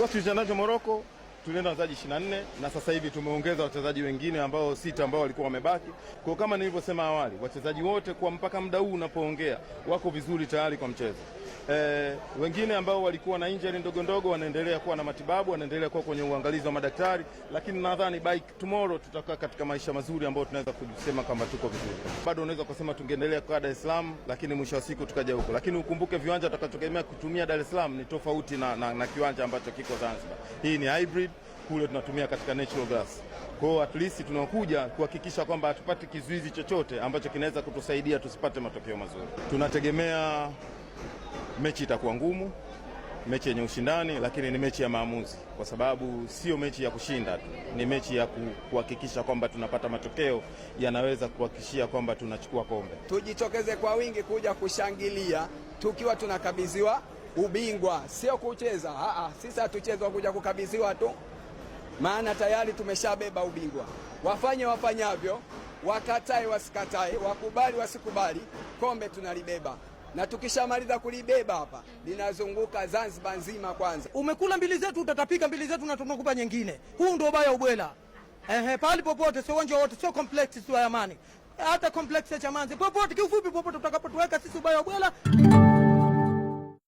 Wapinzani wa Moroko tulienda wachezaji 24 na sasa hivi tumeongeza wachezaji wengine ambao sita ambao walikuwa wamebaki. Kwa kama nilivyosema awali, wachezaji wote kwa mpaka muda huu unapoongea wako vizuri tayari kwa mchezo. E, wengine ambao walikuwa na injury ndogo ndogo wanaendelea kuwa na matibabu, wanaendelea kuwa kwenye uangalizi wa madaktari, lakini nadhani by tomorrow tutakaa katika maisha mazuri ambayo tunaweza kusema kama tuko vizuri. Bado unaweza kusema tungeendelea kwa Dar es Salaam, lakini mwisho wa siku tukaja huko, lakini ukumbuke viwanja tutakachotegemea kutumia Dar es Salaam ni tofauti na, na, na kiwanja ambacho kiko Zanzibar. Hii ni hybrid, kule tunatumia katika natural grass Kwa at least tunakuja kuhakikisha kwamba hatupati kizuizi chochote ambacho kinaweza kutusaidia tusipate matokeo mazuri. Tunategemea mechi itakuwa ngumu, mechi yenye ushindani, lakini ni mechi ya maamuzi, kwa sababu sio mechi ya kushinda tu, ni mechi ya kuhakikisha kwamba tunapata matokeo yanaweza kuhakikishia kwamba tunachukua kombe. Tujitokeze kwa wingi kuja kushangilia tukiwa tunakabidhiwa ubingwa, sio kucheza. Aa, ah, ah, sisi hatuchezwa kuja kukabidhiwa tu, maana tayari tumeshabeba ubingwa. Wafanye wafanyavyo, wakatae wasikatae, wakubali wasikubali, kombe tunalibeba na tukishamaliza kulibeba hapa linazunguka Zanzibar nzima. Kwanza umekula mbili zetu, utatapika mbili zetu na tunakupa nyingine. Huu ndio ubaya ubwela. Ehe, pahali popote, sio uwanja wote, sio complex, ya Amani, hata complex ya Chamanzi, popote, kiufupi, popote tutakapotuweka sisi ubaya ubwela